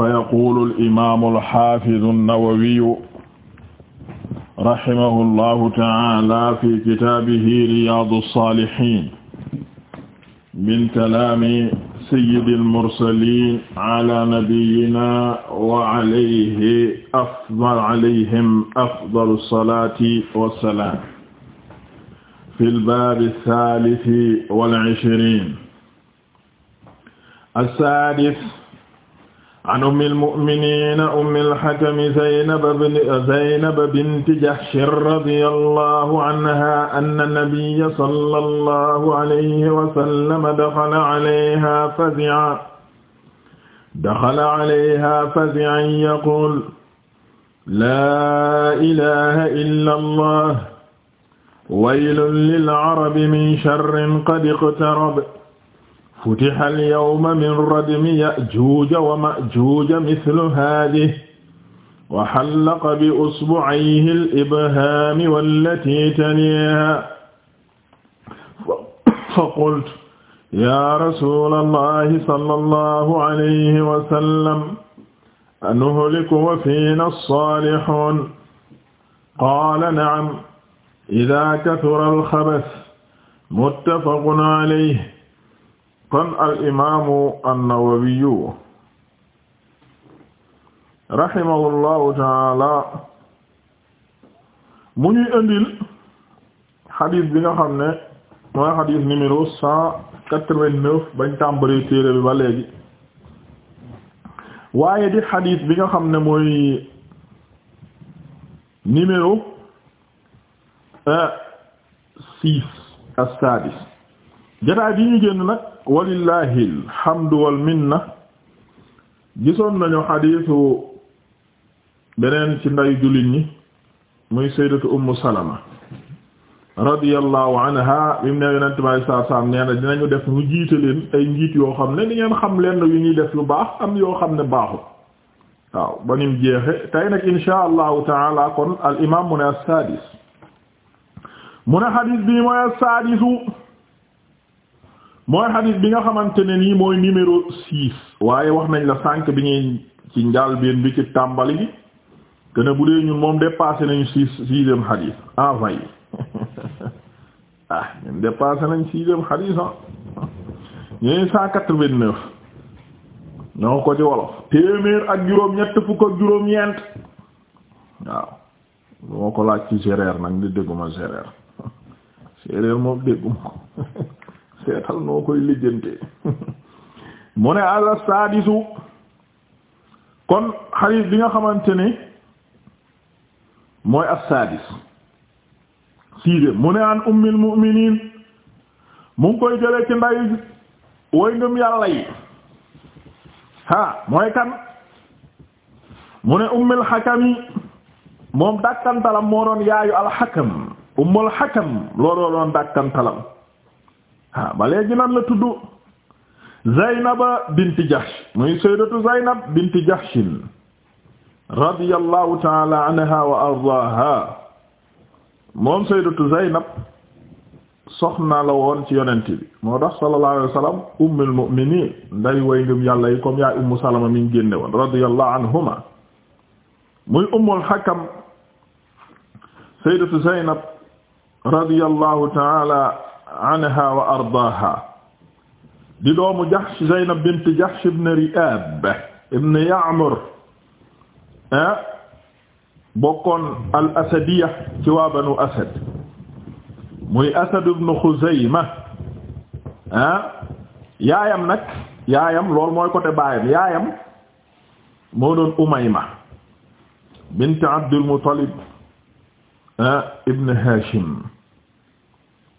fa yaqulu al-imaamu al-haafizu an-nawawiyu rahimahu llahu ta'aala fi kitaabihi riyaadu saalihiin min kalaami sayyidil mursaliin ala nabiyyinaa wa alayhi afdal alayhim afdalu salaati wa salaam fil baabi saalisi wal ishriin as-saadis an ummil mu'miniina ummil hakami Zaynab binti Jahsh radiyallahu anha anna nabiyya sallallahu alayhi wa sallam dakhala alayha fazi'an dakhala alayha fazi'an yaqul laa ilaaha illallah waylun lil arabi min sharrin qad iqtarab futiha alyawma min radmi ya'juuja wa ma'juuja mithlu haadihi wa hallaqa bi usbu'ayhi al-ibhaami wallatii taliihaa faqultu yaa rasuulallaahi sallallahu alayhi wa sallam anuhliku wa fiinaa as-saalihuun qaala na'am idhaa kathura al-khabath muttafaqun alayhi kon al imaamu an-Nawawiyu rahimahullahu taala mu ñuy indil xadis bi nga xam ne mooy xadis numéro cent quatre-vingt-neuf bañ tàmbalee téere bi ba léegi waaye di xadis bi nga xam ne mooy numéro euh, six as jotaay bi ñu génn nag walillahi alhamdu wal minna gisoon nañu xadiisu beneen ci nday jullit ñi muy sayyidatu ummu salama radiyallahu anha bi mu ne yonent bi sallallahu alayhi wasallam dinañu def mu jiite leen ay njiit yoo xam ne di ngeen xam leen yu ñuy def lu baax am yoo xam ne baaxul waaw ba nim jeexe tey nag insha allahu taala kon al imam mu ne as-sadis mu ne xadiis bi mooy as-sadisu mooy xadis bi nga xamante ne nii mooy numéro six waaye wax nañ la sànq bi ñuy ci njàlbéen bi ci tàmbali bi que ne bu dee ñun moom dépassé nañu six sixième xadis en ah, vaillé ah ñun dépassé nañ sixième xadis ah ñun cent quatre-vingt-neuf ñoo ko ci wolof téeméer ak juróom-ñett fukk ak juróom-ñeent waaw moo ko laaj ci séeréer nag di dégguma séeréer séeréer moom dégguma ko. seetal noo koy lijjante mu ne ala sadisu kon xadiis bi nga xamante ni mooy as-sadis sixième mu ne an ummil mu'minin mu koy jële ci nday way ngëm yàlla yi ha mooy kan mu ne ummil xakam moom dàkkantalam moo doon yaayu alxakam ummul xakam looloo doon dàkkantalam ah ba léegi nan la tudd Zaynaba binti Jahsh muy sayyidatu Zaynab binti Jahsh radiyallahu ta'ala anha wa ardaaha moom sayyidatu Zaynab soxna la woon ci yonent bi moo tax sallallahu alayhi wa sallam ummul mu'minin nday way ngëm yàlla yi comme yaay ummu salama mi ngi génne woon radiyallahu anhuma ta'ala anha wa ardaaha di doomu Jahsh Zaynab bint Jahsh ibn Ri'ab ibn Ya'mur bokkoon al asadiya ci waa banu asad muy asad ibn Xuzayma yaayam nag yaayam loolu mooy côté baayam yaayam moo doon Umayma bint Abdul Muttalib ibn Hashim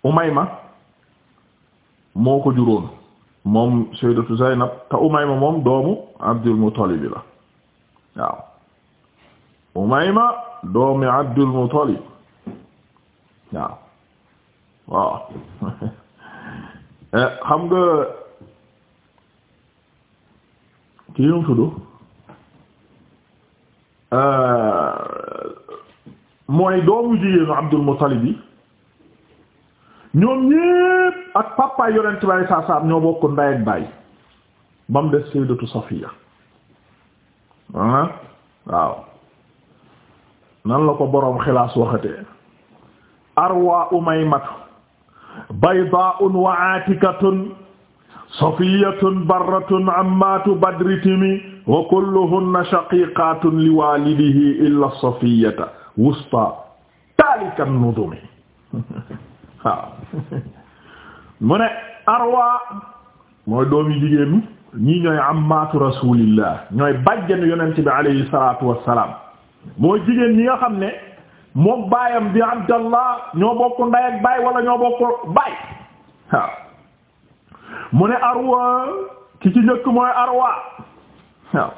Umayma moo ko juróon moom sayyidatu Zaynab te Umayma moom doomu Abdul Muttalib la waaw Umayma doomi Abdul Muttalib waaw waaw eh, xam nga kii nu tudd euh, mooy doomu jigéenu Abdul Muttalib ñoom ñépp ak papa yonent baay saa ñoo bokk ndey ak baay des sayyidatu Safiya ah waaw nan la ko boroom xilaas waxatee arwa umaymatu baydaa'un wa aatikatun safiyatun barratun ammaatu badritimi wa kulluhunna illa safiyata wusta taalikan nudumi waaw mu ne arwa mooy doomi jigéenu ñii ñooy ammaatu rasulillah ñooy bàjjanu yonent bi alayhi salaatu wassalaam mooy jigéen ñi nga xam ne moom baayam bi abdallah ñoo bokk nday baay wala ñoo bokk baay mu ne arwa ki ci njëkk mooy arwa waaw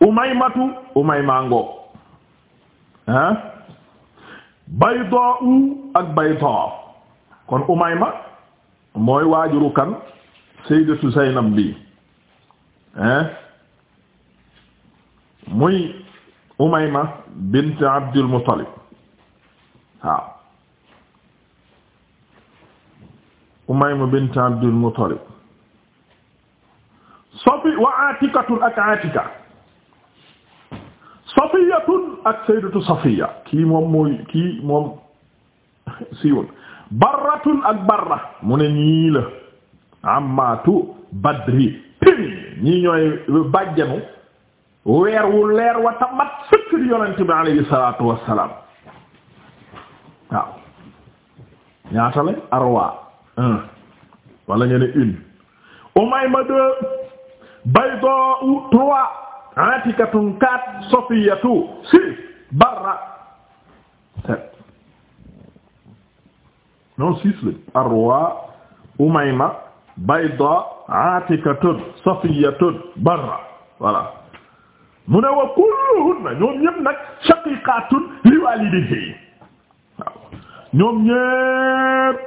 umaymatu umaymango ha baydaa'u ak baydaa kon umayma mooy waajuru kan sayyidatu zaynab bi hein muy ma bint abdul muttalib waaw umayma bint abdul muttalib sofi wa atikatun ak atika safiyatun ak sayyidatu safiya kii moom mooy kii moom siiwul barratun ak barra mu ne ñii la amatu badri pin ñii ñooy bàjjanu weer wu leer wa tamat sëkk di yonent bi alayhi salatu wassalam waaw ñaata la arwa un wala ngeen une umayma deux atikatun kaat sofiyatu si barra sept non six la arwa umayma bayda atikatun sofiyatun barra voilà mu ne wa kulluhunna ñoom ñëpp nag shaqiqatun li walidihi waaw ñoom ñëpp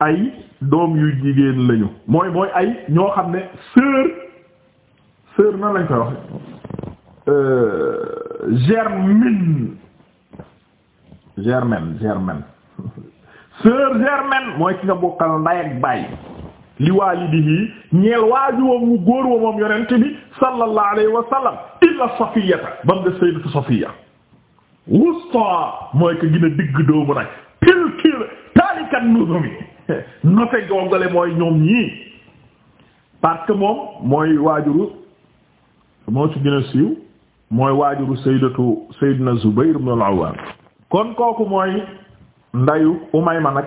ay doom yu jigéen lañu mooy mooy ay ñoo xam ne sœur sœur nan lañ koy waxe euh, germaine germaine germaine sœur germaine mooy ki nga bokkal nday ak baay li waalidihi ñeel waajuwam mu góor wa yonent bi sallallahu alayhi wa sallam illa ba mu def sayyidatu safiya wusta mooy ko gën digg doomu nag pil kil taalikat nuzumi note gongale mooy ñoom ñii parce moom mooy waajuru moo ci gën a siiw mooy waajuru sayyidatu sayyidina Zubayr ibn al-Awwam kon kooku mooy ndayu ma nag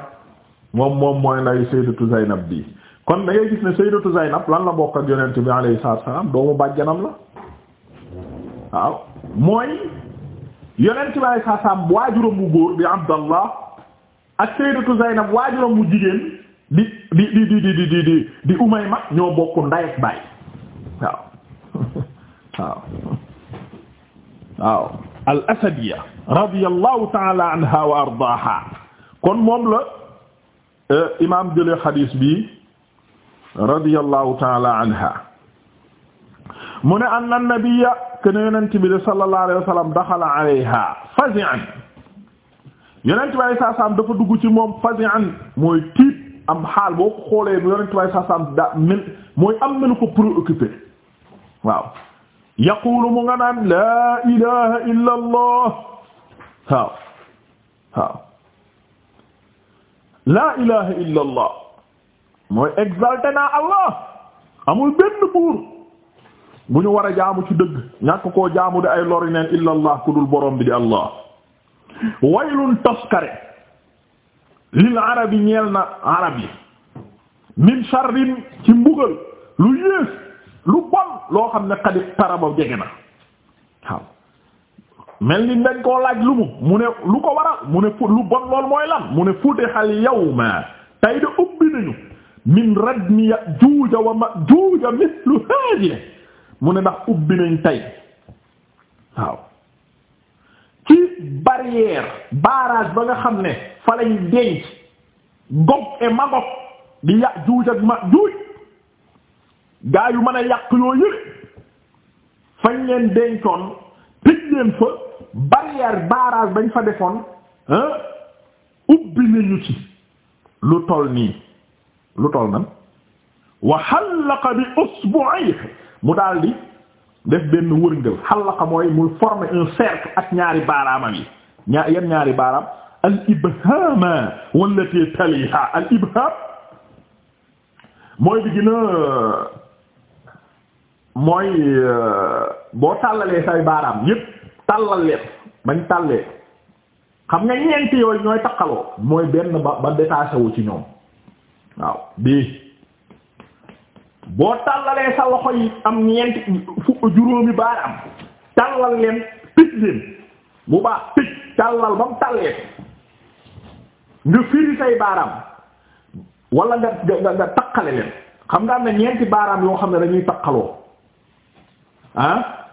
moom moom mooy ndayu sayyidatu Zaynab bi kon da ngay gis ne sayyidatu Zaynab lan la bokk ak yonent bi alayhi salaatu salaam doomu bàjjanam la waaw mooy yonent bi alayhi salaatu waajuram bu góor bi Abdallah ak sayyidatu Zaynab waajuram bu jigéen di di di di di di di Umayma ñoo bokk nday ak baay waaw waaw waaw al asadiya radiyallahu taala anha wa ardaaha kon moom la e, imaam jëlee xadiis bi radiyallahu taala anha mu ne anna nabiyya kana yonent bi sallallahu alayhi wa sallam daxala alayha fazi'an yonent bi saa saam dafa dugg ci moom fazi'an mooy tiit am xaal boo ko xoolee yonent bi saa saam da mel mooy am na lu ko préoccupé waaw. yaqulu mu nga naan laa ilaha illa allah waaw waaw laa ilaha illa allah mooy exalté naa allah amul benn buur bu ñu war a jaamu ci dëgg ñàkk ko jaamu di ay lori neen allah ku dul borom bi di allah waylun toskare lil arabi ñeel na min sharrin ci lu yées lu bon loo xam ne xaddi taraba jege na waaw mel ni dañ koo laaj lu mu mu ne lu ko waral mu ne fu lu bon lool mooy lan mu ne fuute xal yawma tey de ubbi nañu min radmi Yaajuuja wa Maajuuja mislu haaje mu ne ndax ubbi nañ tey waaw ci barrière barrage ba nga xam ne fa denc Gog et Magog di Yaajuuj ak Maajuuj gaa yu man a yàq yoo yële fañ leen dencoon tëj leen fa barrière barrage bañ fa defoon ubbi nañu ci lu toll nii lu toll nan wa xallaqa bi usbu'ihi mu daldi def benn wërngël xallaqa mooy muy former un cercle ak ñaari baaraamam yi ñaar yan ñaari baaraam al ibhama wallati taliha al ibham mooy bi gën a mooy euh, boo tàllalee say baaraam yépp tàllal leen bañ tàllee xam nga ñeenti yooyu ñooy takkaloo mooy benn ba ba détaché wu ci ñoom waaw bii boo tàllalee sa loxo yi am ñeenti fu juróomi baaraam tàllal leen tëj leen bu baax tëj tàllal ba mu tàllee nga firi say baaraam wala nga nga nga takkale leen xam nga am na ñeenti baaraam yoo xam ne dañuy takkaloo ah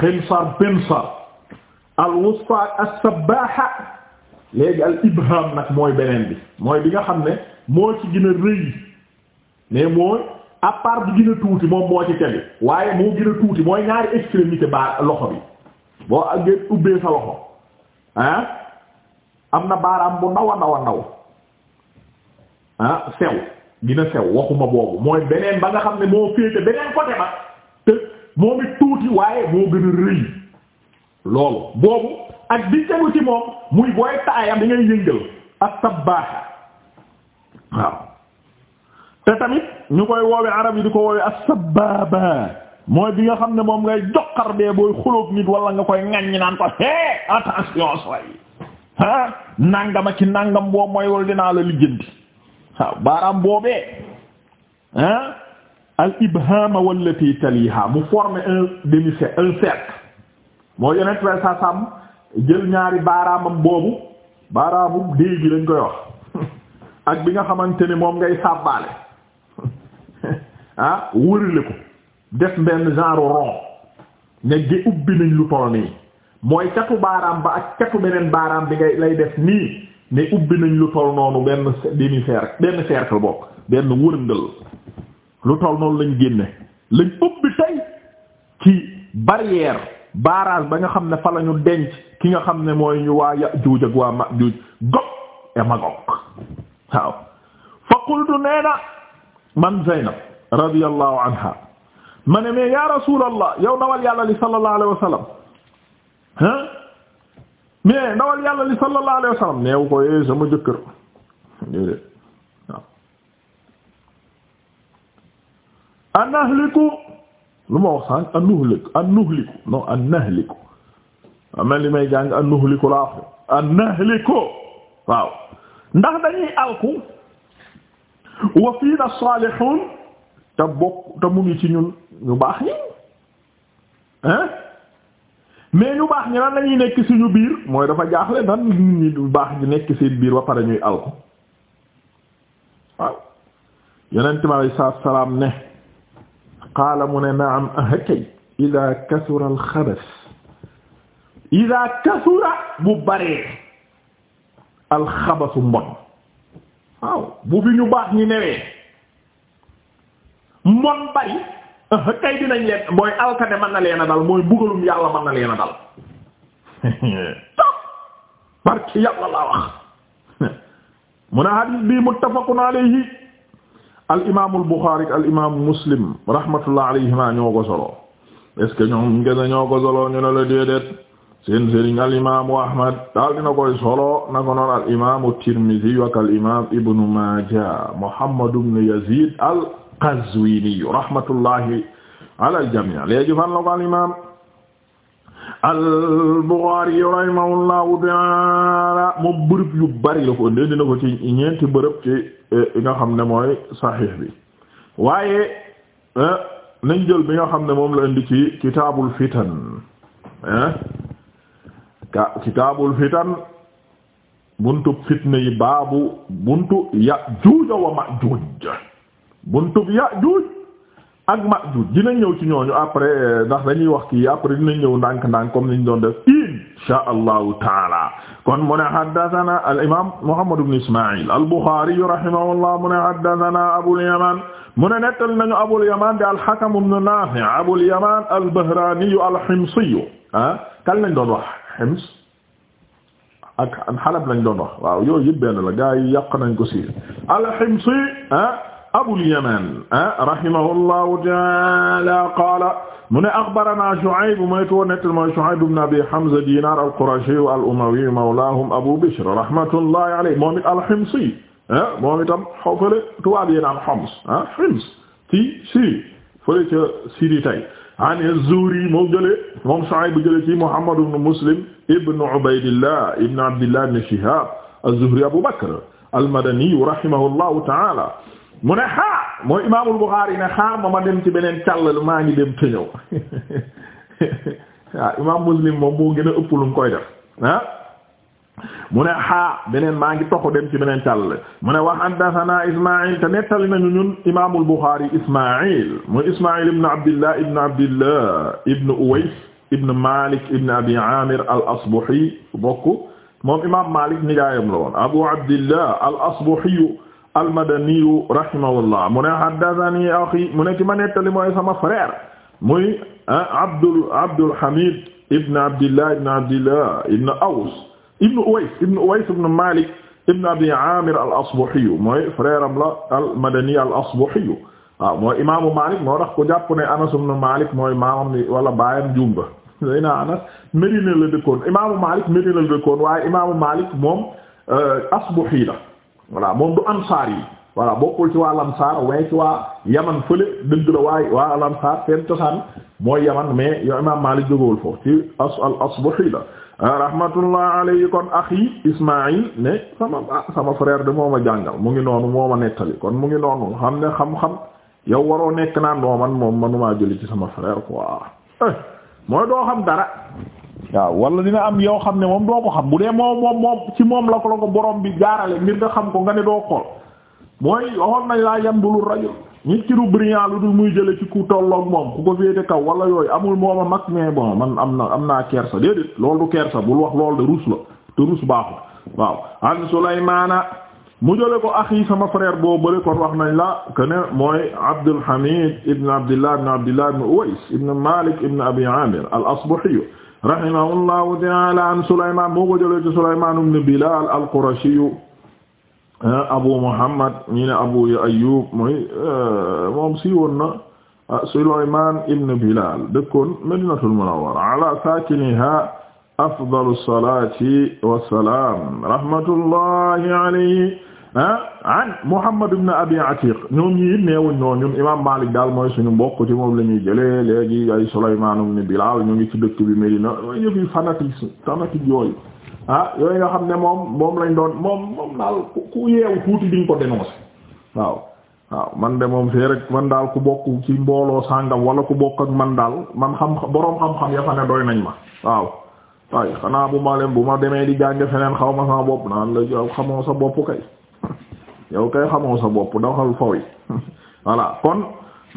xinsar binsar al wusta as sabaha léegi al ibham nag mooy beneen bi mooy bi nga xam ne moo ci gën a rëy mais mooy à bi gën a tuuti moom moo ci tegu waaye moo gën a tuuti mooy ñaari extrémité ba loxo bi boo àggee ubbee sa loxo ah am na baaraam bu ndaw a ndaw a ndaw ah sew gën a sew waxuma boobu mooy beneen ba nga xam ne moo féete beneen côté ba te moom it tuuti waaye moo gën a rëy loolu boobu ak bi tegu ci moom muy booy taayam di ngay yëngal as waaw te tamit ñu koy woowe arab yi di ko woowe as-sabbaaba mooy bi nga xam ne moom ngay joxar bee booy xulóog nit wala nga koy ŋaññi naan ko hee attention soy ah nangama ci nangam boo mooy wal dinaa la lijjanti waaw baaraam boobee ah al a wallati taliha mu former un demi cercle un cercle moo yonent way sa sàmm jël ñaari baaraamam boobu baaraamu déy bi lañ koy wax ak bi nga xamante ne moom ngay sàbbaale ah wërale ko def benn genre rond ne gi ubbi nañ lu toll nii mooy catu baaraam ba ak catu beneen baaraam bi ngay lay def nii ne ubbi nañ lu toll noonu benn demi cercle benn cercle bokk benn wërngël lu taw noonu lañ génne lañ ubbi tey ci barrière barrage ba nga xam ne falañu la denc ki nga xam ne mooy ñu waa Yaajuuj ak waa Maajuuj Gog et Magog waaw fa qultu nee man Zaynab radiyallahu anha ma ne mais ya rasulallah yow dawal yàlla li sallallahu alayhi wa sallam ah mais dawal yàlla li sallallahu alayhi wa sallam neew ko eh, an nahliku lu ma wax sànq an nuhliku an nuhliku non an nahliku am li may jàng an nuhliku laa wax an nahliku waaw ndax dañuy alku wa fiina saalihun te bokk te mu ngi ci ñun ñu baax ñi hein mais ñu baax ñi lan lañuy nekk suñu biir mooy dafa jaaxle dan nit ñu baax ñi nekk seen biir ba pare ñuy alku waaw yonent mi alayhi salaam ne qaala mu ne naam ahakay ida kasura alxabas ida kasura bu baree alxabasu mbon waaw bu fi ñu baax ñi newee mbon bari ahakay dinañ leen mooy alkane mën na leen a dal mooy bugalum yàlla mën na leen a dal top barki yàlla laa wax mu ne hadis bi muttafaqun alayhi al imaamul Buxaari ak Muslim rahmatullah alayhima ñoo ko solo est-ce que ñoom ngeen ñoo ko solo la déedéet seen sëriñ Ahmad daal dina koy solo na ko noon al imaamu Tirmidi Maaja Muhammad ibnu Yaziid al rahmatullahi ala jamii léegi fan la ko al imaam al Buxaari rahimahullahu taala moom bërëb yu bari la ko indi dina ko ci ñeenti bërëb ci. li eh, nga xam ne mooy saxiix bi waaye eh, nañ jël bi nga xam ne moom la indi ci kitaabul fitan eh, ka kitaabul fitan buntu fitna yi baabu buntu Yaajuuj wa Maajuuj buntu Yaajuuj ak Maajuuj dina ñëw ci ñooñu après ndax dañuy wax kii après dina ñëw ndànk ndànk comme niñ doon def insha allahu taala kon mu ne haddathana al imam Muhammad ibn Isma'il al Bukhari rahimahullah mu ne haddathana Abul Yaman mu ne nettal nañu Abul Yaman di al Hakam ibn Nafi' Abul Yaman al Bahrani al Himsi ah kan lañ doon wax Hims ak Halab lañ doon wax waaw yooyu yëpp benn la gaa yi yàq nañ ko ci al Himsi ah Abul Yaman ah, rahimahullahu ta'ala qaala mu ne axbaranaa Shu'ayb mooy ko nettal mooy Shu'ayb ibn Abi Hamza Diinaar al-Qurashi al-Umawi mawlaahum Abu Bishr rahmatullahi alayhi moom it al-Himsi ah, moom itam xaw fële tubaab yi naan Homs ah Homs ci Syrie fële ca Syrie tey an az-Zuhri moo jëlee moom Shu'ayb jëlee ci Muhammad ibn Muslim ibn Ubaydillah ibn Abdillah ibn Shihab az-Zuhri Abu Bakr al-Madani rahimahullahu ta'ala mu ne xaar mooy imaamul Buxaari ne xaar ma ma dem ci beneen càll maa ngi dem te ñëw ah, imaam Muslim moom moo gën a ëpp lu koy def ah mu ne xaa beneen maa ngi toxu dem ci beneen càll mu ne wax haddasanaa Ismaïl te nettali nañu ñun imaamul Buxaari Ismaïl muy Ismaïl ibn Abdillah ibn Abdillah ibn Uways ibn Malik ibn Abi Amir al-Asbahi bokk moom imaam Malik nijaayam la woon Abu Abdillah al-Asbahi almadaniyu rahimahullah mu ne haddathani akhi mu ne ki ma nettali mooy sama frère muy Abdul Abdul Hamid ibn Abdillah ibn Abdillah ibn Aws ibn Uways ibn Uways ibn Malik ibn Abi Amir al-Asbahi mooy frère am la al-Madani al-Asbahi waaw mooy imaamu Malik moo tax ku jàpp ne Anas ibn Malik mooy maamam ni wala baayam jumba day naa Anas Medina la dëkkoon imaamu Malik Medina la dëkkoon waaye imaamu Malik moom euh, Asbahi la voilà moom du ansaar yi voilà bokkul ci waa lamsaar waaye ci waa yaman fële dëgg la waaye waa lamsaar seen cosaan mooy yaman mais yow imaam Maalik jógewul foofu ci as al asbahi la ah, rahmatullah alayhi kon axi Ismaïl ne sama ah, sama frère de moo ma jàngal mu ngi noonu moo ma nettali kon mu ngi noonu xam ne xam-xam yow waroo nekk naan noo man moom manumaa jëli ci sama frère quoi eh, mooy doo xam dara waaw wala dina am yow xam ne moom doo ko xam bu dee moom moom moom ci moom la ko la ko borom bi jaarale ngir nga xam ko nga ne doo xool mooy waxoon nañ laa yem dulu rajul nit ki du brillant lu dul muy jële ci ku tolloog moom ku ko féete kaw wala yooyu amul mooma mag mais bon man am na am naa kersa déedéet loolu du kersa bul wax loolu de ruus la te ruus baaxul waaw an Sulaymana mu jële ko axi sama frère boo bëri kon wax nañ la que ne mooy Abdul Hamid ibn Abdillah ibn Abdillah ibn Uwais ibn Malik rahimahullahu ta'ala an Sulaymaan moo ko jëlee ci Sulaymaan ibn Bilaal al-Qurashi ah, Abu Muhammad ñi ne Abu Ayyub mooy eh, moom si woon na ah, Sulaymaan ibn Bilaal dëkkoon Madinatul Munawwara ala saakiniha afdalu salaati wa salaam rahmatullahi alayhi Ah, an Muhammad ibn Abi Atiq ñoom ñi it neewuñ noonu ñun imam Malik daal mooy suñu mbokk ci moom la ñuy jëlee léegi ay Sulaymaan ibn Bilaal ñu ngi ci dëkk bi Medina yooyu yëpp yi fanatique fanatique yooyu ah yooyu nga xam ne moom moom lañ doon moom moom daal ku yeewu tuuti diñ ko dénoncer waaw waaw man de moom fee rek man daal ku bokk ci mbooloo sàngam wala ku bokk ak man daal man xam boroom xam-xam ya fa ne doy nañ ma waaw waaye xanaa bu ma leen bu ma demee di jànge feneen xaw ma sama bopp naan la xamoo sa bopp kay yow kay xamoo sa bopp doxal faw yi voilà kon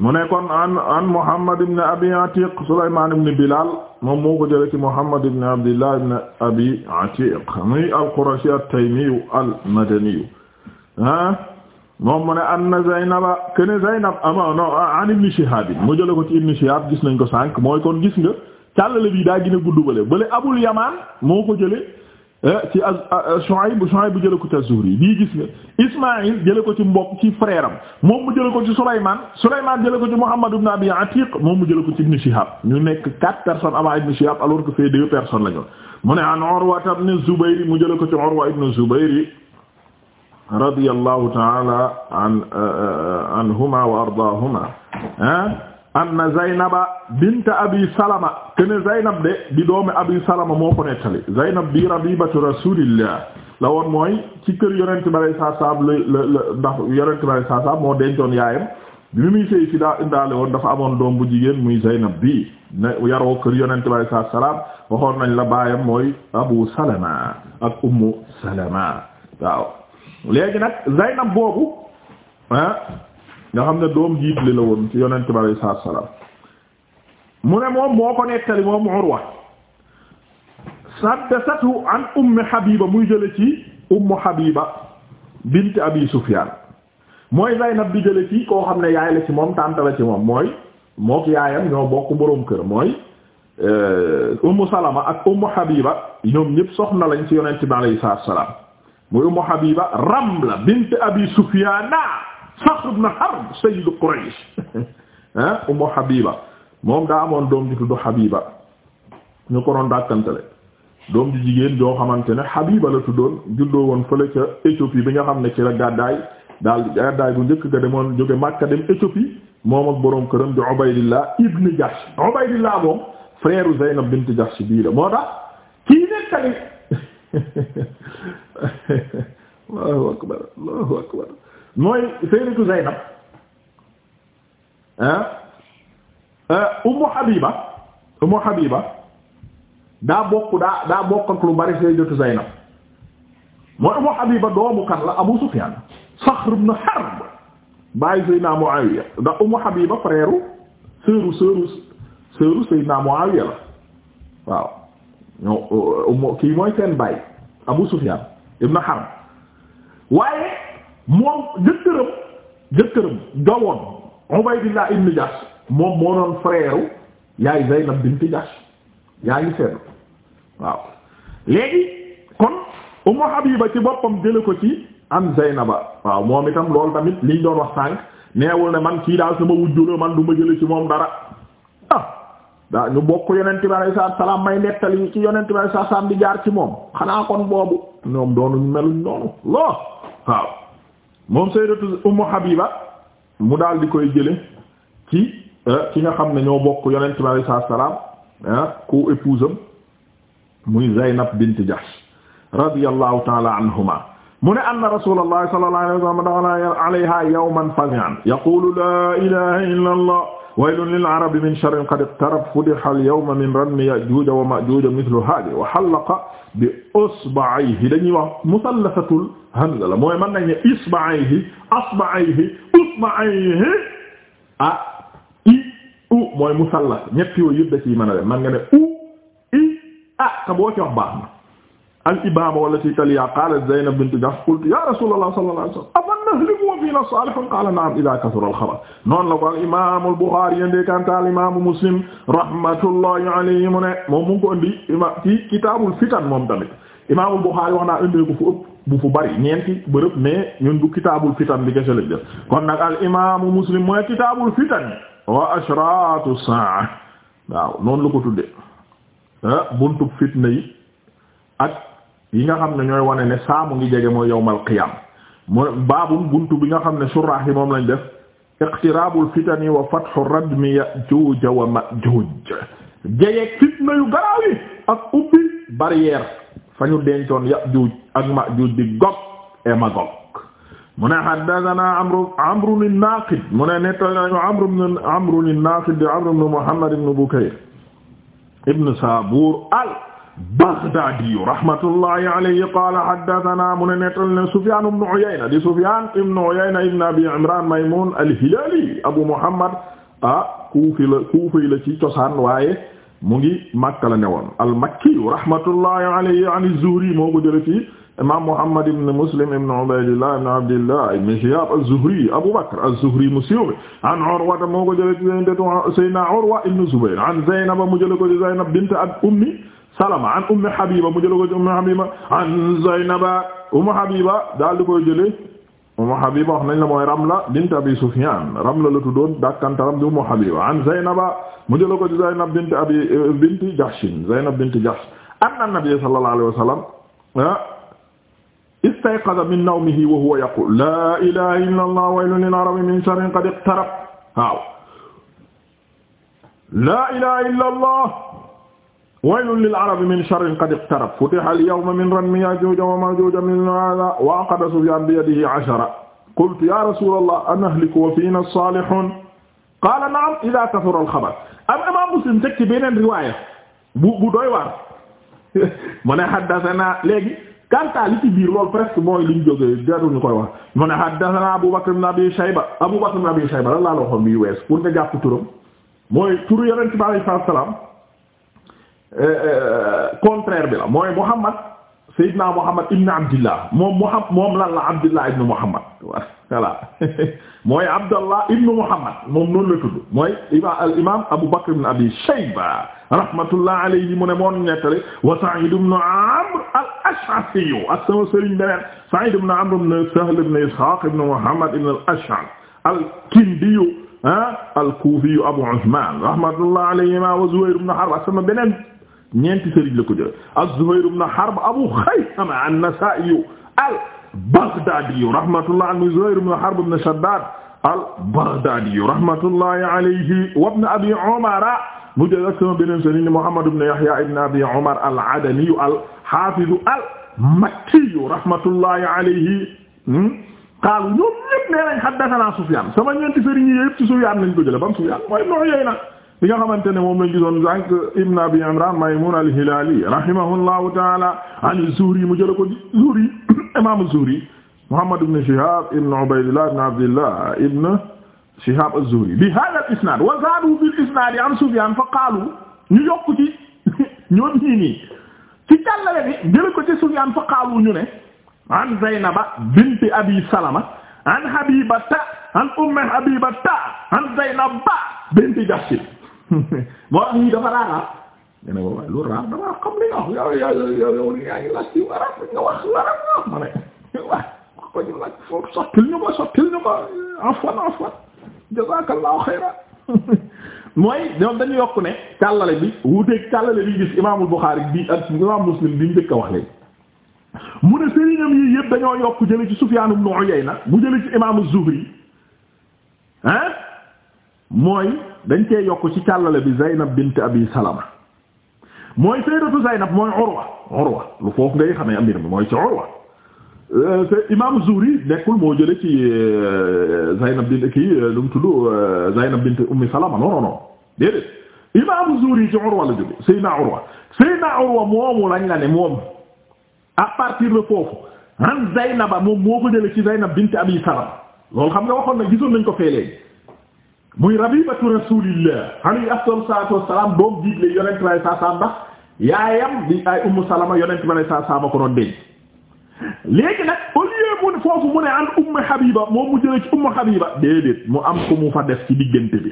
mu ne kon an an Muhammad ibn Abi Atiq Sulaymaan ibn Bilal moom moo ko jële ci Muhammad ibn Abdillah ibn Abi Atiq muy al-Qurashi at-Taymi al-Madani ah moom mu ne anna Zaynaba kene Zaynab ama ah, no an Ibn Shihab mu jëlee ko ci Ibn Shihab gis nañ ko sànq mooy kon gis nga càllale bi daa gën a gudd bële bële Abul Yamaan moo ko jëlee. Eh, ci ah, eh, Shuayb Shuayb jële ko ci Az-Zuhri bii gis nga Ismaïl jële ko ci mbokk ci frère am moom mu jële ko ci Souleymane Souleymane jële ko ci Muhammad ibn Abi Atiq moom mu jële ko ci Ibn Shihab ñu nekk quatre personnes avant Ibn Shihab alors que fee deux personnes lañu mu ne an Urwa ibn Zubayr mu jële ko ci Urwa ibn Zubayr radiyallahu ta'ala an eh, anhuma wa ardaahuma anna zaynaba bint abi salama kene zaynab de di doomi abi salama moo ko nettali zaynab bi rabibatu rasulillah la woon mooy ci kër yonente bi alay saab la la la ndax yonente bi alay saa saab moo dencoon yaayam bi muy sëy si daa indaale woon dafa amoon doom bu jigéen muy zaynab bi ne yaroo kër yonente bi alay saa salaam waxoon nañ la baayam mooy abu salama ak ummu salama waaw léegi nag zaynab boobu ah nga xam ne doom jiitle la woon ci yonent bi alayhi salaatu salaam mu ne moom moo ko nettali moom Urwa saddasatu an Ummi jële ci Ummu Habiba bint Abi Sufyaan mooy Zaynab bi jële ci koo xam ne yaay la ci moom tànta la ci moom mooy mook yaayam ñoo bokk boroom kër mooy euh, Ummu Salama ak Ummu Habiba ñoom ñëpp soxna lañ ci yonent bi alayhi salaatu salaam muy Ummu Habiba Ramla bint Abi Sufyaana Saxr ibn Harb sayyidu Quraysh ah Ummu Habiba moom daa amoon doom ji tuddu Habiba ñu ko doon dàkkantale doom ji jigéen joo xamante ne Habiba la tuddoon juddoo woon fële ca Éthiopie bi nga xam ne ci la gàddaay daal gàddaay bu njëkk ga demoon jóge Makka dem Éthiopie moom ak boroom këram di Ubaydillah ibn Jahsh Ubaydillah moom frère Zaynab bint Jahsh bii la moo tax kii nettali mooy sayyidatu Zaynab ah, ah Ummu Habiba Ummu Habiba daa bokk daa daa bokk ak lu bari sayyidatu Zaynab mooy Ummu Habiba doomu kan la Abu Sufyan Saxr ibn Harb bàyyi Seydina Muawiya ndax Ummu Habiba frère sœuru sœuru sœuru Seydina Muawiya la waaw ñoo kii mooy seen bàyyi Abu Sufyan ibn Harb waaye moom jëkkëram jëkkëram gawoon Ubaydillah ibn Jahsh moom moo doon frère yaay Zaynab bint Jahsh yaa ngi seetlu waaw léegi kon Ummu Habiba ci boppam jële ko ci am na ba waaw moom itam lool tamit liñ doon wax sànq neewul ne man kii daal sama wujju la man du ma jële ci moom dara ah daa ñu bokk yonent bi alayhi salaam may nettali ci yonent bi alayhi di jaar ci moom xanaa kon boobu ñoom doonuñu meluñ noonu lool waaw moom sayyidatu ummu habiba mu daal di koy jële ci euh, ki nga xam ne ñoo bokk yonent bi alayhi salaatu wa salaam ku épouse am muy zaynab bint jahsh radiyallahu ta'ala anhuma mu ne anna rasulullah sallallahu alayhi wa sallam daxala alayha yawman fazi'an yaqulu la ilaha illa allah waylun lil arabi min sharrin qad iqtarab fudiha al yawma min radmi ya'juj wa ma'juj mithlu hadhihi wa hallaqa bi isba'ihi dañuy wax musallasatul hamza la mooy mën nañ ne isba'ihi asba'ihi usba'ihi ah i u mooy musallas ñett yooyu yëpp da ciy mën a dem man nga ne u i ah te boo ci wax baax na al imaam wala ci taliya qaala Zaynab bint Jahsh qultu ya rasulullah sallallahu alayhi wasallam tahliku wa fiina saalihun qaala na'am idaa kasura al-xabar noonu la ko al imaam al-Buxaari yende kanta al imaamu Muslim rahmatullahi mu ne moom mu ko indi ima ci moom tamit imaamul Buxaari wax naa ko fu ëpp bu fu bari ñeenti bërëb mais ñun du kitaabul fitan bi kese lañ kon nag al imaamu Muslim mooy kitaabul fitan wa ashraatu saa waaw noonu la ko tudde ah, buntu fitna yi ak yi nga xam ne ñooy wane ne saa ngi jege mooy yawmal qiyaama mu baabum bi nga xam ne surah yi moom lañ def iqtirabul fitani wa fathu radmi yajuuj wa majuuj jeyeeg fitna yu garaaw yi ak ubbi barrière fa ñu yajuuj ak majuuj di Gog et Magog mu ne haddathana Amru Amru an-Naqid mu ne nettali nañu Amru ibn Amru an-Naqid Amru ibn Muhammad ibn Bukayr ibn Sabur al Baghdaadiyu rahmatullahi alayhi qaala haddasanaa mu ne nettal ne Sufyaan ibnu Uyayna di Sufyaan ibnu Uyayna ibnu Abii Imraan Maymuun al-Hilaali Abu Muhammad ah Kuufi la Kuufi la ci cosaan waaye mu ngi Makka la newoon al-Makkiyu rahmatullahi alayhi an az-Zuhri moo ko jëlee ci imaam Muhammad ibn Muslim ibn Ubaydillah ibn Abdillah ibn Shihab az-Zuhri Abu Bakr az-Zuhri mu siiw mi an Urwa moo ko jëlee ci Sayyidina Urwa ibn Zubayr an Zaynab mu jëlee ko ci Zaynab bint Ummi Salama an Ummi Habiba mu jëlee ko ci Ummi Habiba an Zaynaba Ummi Habiba daal di koy jëlee Ummi Habiba wax nañ la mooy Ramla bint Abi Sufyan Ramla la tuddoon dàkkantaram di Ummi Habiba an Zaynaba mu jëlee ko ci Zaynab bint Abi bint Jahshin Zaynab bint Jahsh anna Nabiyya sallallahu alayhi wa sallam istayqaza min nawmihi wa huwa yaqulu laa ilaaha illallah waylun lil arabi min sharrin qad iqtarab waaw laa ilaaha illallah waylun lil arabi min sharrin qad iqtarab futiha al yawma min rammi yajuja wa majuja min hadha wa aqada sufyan bi yadihi ashara qultu ya rasulallah anahliku wa fiina as-salihun qaala na'am idha kathura al-khabar am imam muslim teg ci beneen riwaaya bu bu doy waar mu ne haddathana léegi kanta li ci biir loolu presque mooy liñ jógee jarul ñu koy wax mu ne haddathana Abu Bakr ibn Abi Shayba Abu Bakr ibn Abi Shayba lan laa la waxoon bi wees pour nga jàpp turam mooy turu yonent bi alayhi salaam Euh, euh, euh, contraire bi la mooy Muhammad Seydina Muhammad ibn Abdillah moom Muhammad moom lan la Abdillah ibn Muhammad voilà mooy Abdallah ibn Muhammad moom noonu la tudd mooy al imaam Abu Bakr ibn Abi Shayba rahmatullah alayhi mu ne moo nettali wa Sa'id ibn Amr al-Ash'athi ak sama sëriñ beneen Sa'id ibn Amr ibn Sahl ibn Ishaq ibn Muhammad ibn al-Ash'ath al-Kindi ah al-Kufi Abu Uthman rahmatullah alayhima wa Zuhayr ibn Harb sama beneen ñeenti sëriñ la ko jël az-Zuhayr ibn Harb Abu Khaythama an-Nasa'i al-Baghdadi rahmatullah anhu Zuhayr ibn Harb ibn Shaddad al-Baghdadi rahmatullahi alayhi wa ibn Abi Umar mu jël ak sama beneen sëriñ Muhammad ibn Yahya ibn Abi Umar al-Adani al-Hafiz al-Makki rahmatullahi alayhi qaalu ñoom ñépp nee nañ haddathana Sufyan sama ñeenti sëriñ yépp ci Sufyan lañ ko jël bam Sufyan mooy noo yey na bi nga xamante ne moom lañ gisoon zànq Ibn Abi Imran Maymun al-Hilali rahimahullahu ta'ala an Zuhri mu jëla ko Zuhri imam Zuhri Muhammad ibn Shihab ibn Ubaydillah ibn Abdillah ibn Shihab az-Zuhri bi hadha al-isnad wa zadu bil isnad an Sufyan fa qalu ñu yokk ci ñoom ñii nii ci càllale bi jëla ko ci Sufyan fa qalu ñu ne an Zaynaba bint Abi Salama an Habibata an Umm Habibata an Zaynaba bint Jahsh moo tax lii dafa raaraat ah. nga ne ko lu raar damaa xam li nga wax yow nga wax wax ko ñu sottil ñu ma sottil ñu ma afwan afwan mooy ñoom dañu yokk ne càllale bi wuuteeg càllale bi gis imaamul Buxaari bi ak imaam Muslim bi njëkk a wax léegi mu ne sëriñam yi yëpp dañoo yokk jële ci Sufyaan ibn Uyayna mu jële ci imaamu Zuhri ah mooy dañ cee yokk ci càllale bi Zaynab bint Abi Salama mooy sayyidatu Zaynab mooy Urwa Urwa lu foofu ngay xamee mbir mi mooy ci Urwa euh, te imaam Zuhri nekkul moo jële ci euh, Zaynab bint kii lu euh, mu tudd Zaynab bint Ummi Salama non non non déedéet ci Urwa la jóge Seydina Urwa Seydina Urwa moomu ne moom à partir de foofu an Zaynaba moom moo ko jële ci Zaynab bint Abi Salama loolu xam nga waxoon na gisoon nañ ko fee muy rabibatu rasulillah alayhi afdalu salaatu wassalaam doom digle yonent bi alayhi salaam ndax yaayam di ay ummu salama yonent bi salaam ko doon denc léegi nag au lieu mu foofu mu ne an ummu habiba mu jëlee ci ummu habiba déedéet mu am ko mu fa def ci diggante bi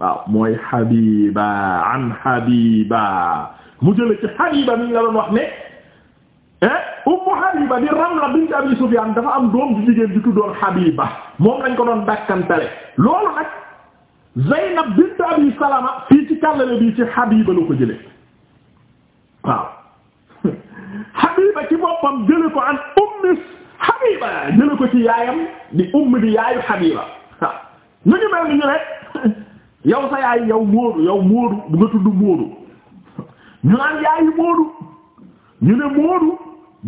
waaw mooy habiba an habiba mu jëlee ci habiba mi la doon wax ne ummu habiba di ramla bint abi sufyan dafa am doom di jigéen di tuddoon habiba moom lañ ko doon dàkkantale loolu nag Zaynab bint Abi Salama fii ci kàllale bi ci Habiba la ko jële waaw Habiba ci boppam jële ko an ummi Habiba jële ko ci yaayam di umm di yaayu Habiba waaw ñu mel ni ñu rek yow sa yaay yow Moodu yow Moodu bu nga tudd Moodu ñu naan yaayu Moodu ñu ne Moodu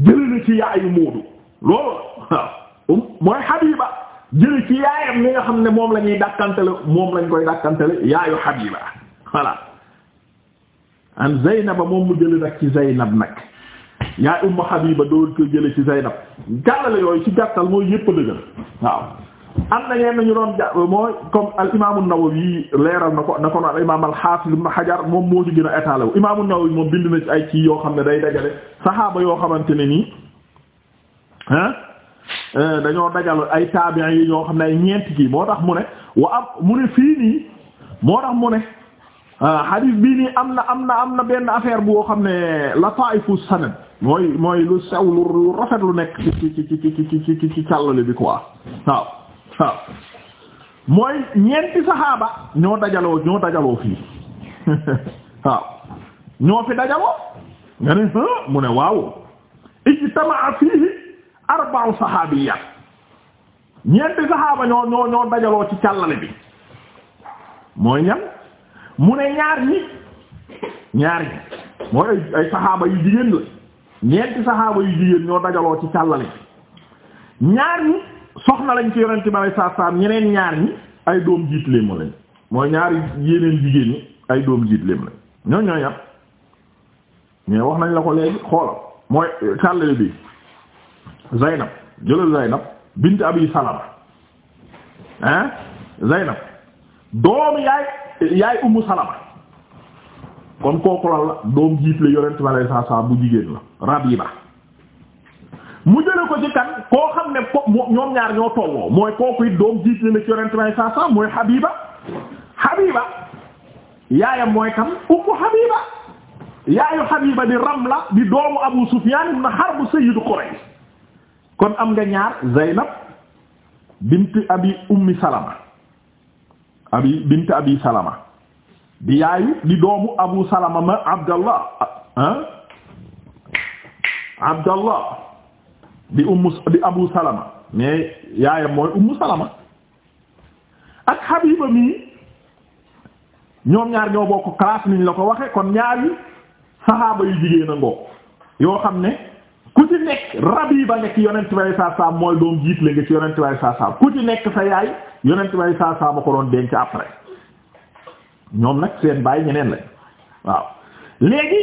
jële na ci yaayu Moodu loolu waaw um, mooy Habiba jële ci yaayam li nga xam ne moom la ñuy dàkkantele moom lañ koy dàkkantele yaayu Habiba voilà an Zaynaba moom mu jële nag ci Zaynab nag yaay Ummu Habiba doon ko jële ci Zaynab jàllale yooyu ci gàttal mooy yépp dëgg waaw am na ñeen ñu doon jà mooy comme al imaamu Nawawi leeral na ko na ko al imaam al Haafiz Ibn Hajar moom moo ci gën a étalé wu imaamu Nawawi moom bind na ci ay ci yoo xam ne day dajale saxaaba yoo xamante ne nii ah Euh, dañoo dajal ay taabiin yi ñoo xam ne ay ñeenti kii moo tax mu ne wa am mu ne fii nii moo tax mu ne ah, hadith bii nii am na am na am na benn affaire boo xam ne la lataa'ifu sanad mooy mooy lu sew lu rafet lu nekk ci ci ci ci ci ci ci càllale bi quoi waaw waaw mooy ñeenti saxaaba ñoo dajaloo ñoo dajaloo fii waaw ñoo fi dajaloo nga ne mu ne waaw ijtama'a fiihi arba'u sahaabiyat ñeenti sahaaba ñoo ñoo dajaloo ci càllale bi mooy ñan mu ne ñaar ñi ñaar ñi mooy ay ay yu jigéen la ñeenti sahaaba yu jigéen ñoo dajaloo ci càllale bi ñaar ñi soxna lañ ci yonente bi alei saatu salaam ñeneen ñaar ñi ay doom jiitléem lañ mooy ñaari yeneen jigéen ñi ay doom jiit lañ ñoo ñoo yàpp mais wax nañ la ko léegi xoola mooy càllale bi Zaynab jëlal Zaynab bint Abi Salama hein Zaynab doomu yaay yaay Ummu Salama kon kooku la doom jiit la yonent lay saa bu jigéen la Rabiba mu jële ko ci kan koo xam ne ko ñoom ñaar ñoo tolloo mooy kooku it doom jiit la ci mooy Habiba Habiba yaayam mooy kan Ummu Habiba yaayu Habiba di Ramla di doomu Abu Sufyan ibn Harb sayyidu Quraysh kon am nga ñaar Zaynab bint abi ummi salama abi bint abi salama di yaayu di doomu abu salama ma abdallah ah abdallah di ummu di abu salama mais yaayam mooy ummu salama ak habiba mi ñoom ñaar ñoo bokk classe niñ la ko waxe kon ñaari saxaaba yu jigéen a yoo xam ne ku ci nekk rabi ba nekk yonent bay saa saa mooy doom jiit la nga ci yonent saa saa ku ci nekk sa yaay yonent bay saa ko doon denc après ñoom nag seen bàyyi ñeneen lañ waaw léegi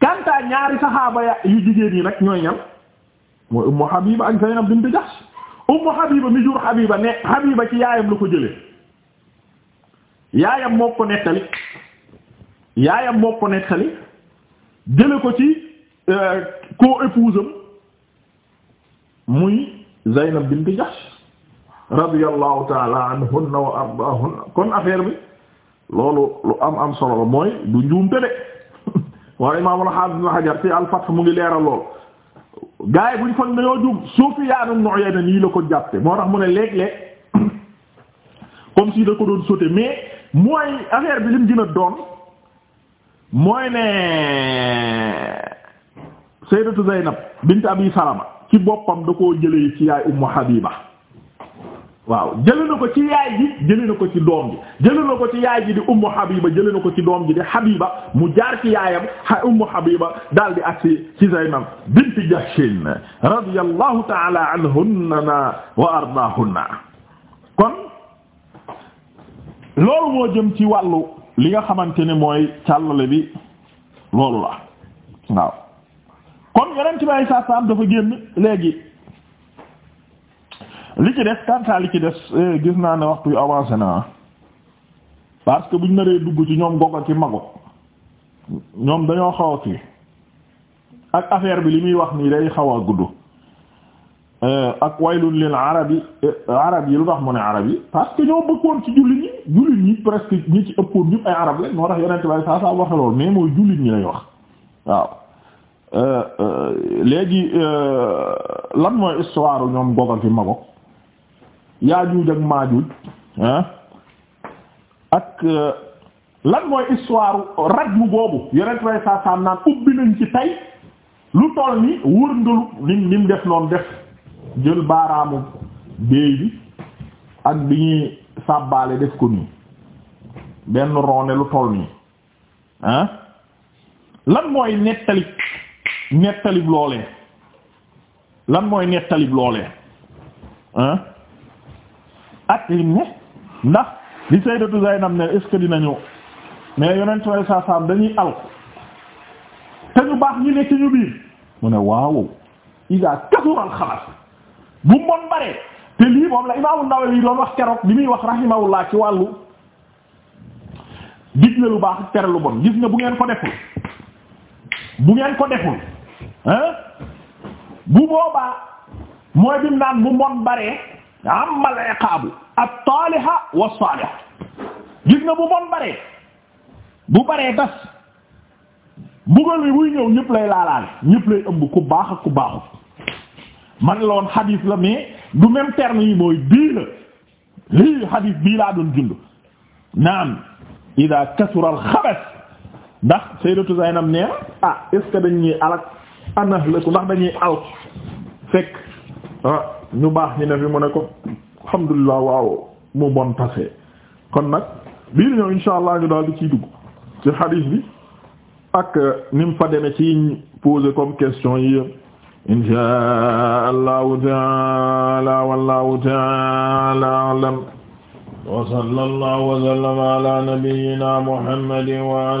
kanta ñaari saxaaba ya yu jigéen yi nag ñooy ñam mooy ummu habiba ak zaynab bint jahsh ummu habiba mi jur habiba ne habiba ci yaayam la ko jëlee yaayam moo ko nettali yaayam moo ko nettali jële ko ci co-épouse euh, am muy Zaynab bint Jahsh radiyallahu taala anhunna wa ardaahunna kon affaire bi loolu lu am am solo la mooy du njuumte de wala imaam al-Haafiz Ibn Hajar ci al-Fath mu ngi leeral lool gars yi buñ foog ne ñoo juum Sufyaan ibn Uyayna nii la ko jàppe moo tax mu ne léeg-léeg comme si da ko doon sauté mais mooy affaire bi lim gën doon mooy ne. sayyidatu Zaynab bint Abi ci boppam da koo ci yaay Ummu Habiba waaw jëlee na ko ci yaay ji ko ci doom ji ko ci yaay ji di Ummu Habiba jëlee ko ci doom ji di Habiba mu jaar ci yaayam ha Ummu Habiba daal di agsi ci Zaynab bint Jahshin radiyallahu ta'ala anhunna wa ardaahunna kon loolu moo jëm ci wàllu li nga xamante ne mooy càllale bi loolu la waaw kon yonent bi saa saam dafa génn léegi li ci des kantaa li ci des eh, gis naa ne waxtu yu avancé naa parce que buñ naree dugg ci ñoom gogo ci mago ñoom dañoo xaw a ak affaire bi li muy wax nii day xaw gudd eh, ak waylun lil arabi eh, arab yi lu tax mu ne arab yi parce que ñoo bëggoon ci jullit ñi jullit ñi presque ñi ci ëppoon ñëpp ay arab la moo tax yonent bi saa saam waxe loolu mooy jullit ñi lay wax waaw Euh, euh, léegi euh, lan mooy histoire ñoom Gog ak Magog Yaajuuj ak Maajuuj ak lan mooy histoire rajmu boobu yeneen way saa naan ubbi nañ ci tey lu toll ni wërngalu nim nim def noonu def jël baaraamu béy bi ak bi ñuy sàbbaale def ko nii benn roone lu toll nii ah lan mooy nettali nettalib loolee lan mooy nettalib loolee ah ak lim ne ndax li sayyidatu Zaynab ne est-ce que mais yonent way saa saam dañuy al te ñu baax ñi nekk ñu biir mu ne waaw iza kasural xalas bu mbon bare te lii moom la Imaamu Nawawi doon wax keroog bi muy wax laa ci wàllu digle lu baax tere lu bon gis nga bu ngeen ko deful bu ngeen ko deful ah bu boobaa mooy bi naan bu mon baree amal iqaabu at-taaliha was-saaliha gis nga bu mon baree bu baree tas mbugal mi wuy ñëw ñëpp lay laalaale ñëpp lay ëmb ku baax ak ku baaxut man la woon la mais du même terme yi mooy bii la lii xadiis bii laa doon jund naam ida kasura al xabas ndax sayyidatu Zaynab nee ah est dañ ñuy alak anahlaku ndax dañuy alk fekk ñu baax ñi ne fi mu ne ko alhamdulilah waaw mu bon passé kon nag biir ñëw insha allah ñu daal di ciy dugg ci xadiis bi ak euh, ni mu fa demee ci comme question yi insha allahu taala wallahu taala alam wa sallallahu wa sallama ala nabiyyina muhammadin wa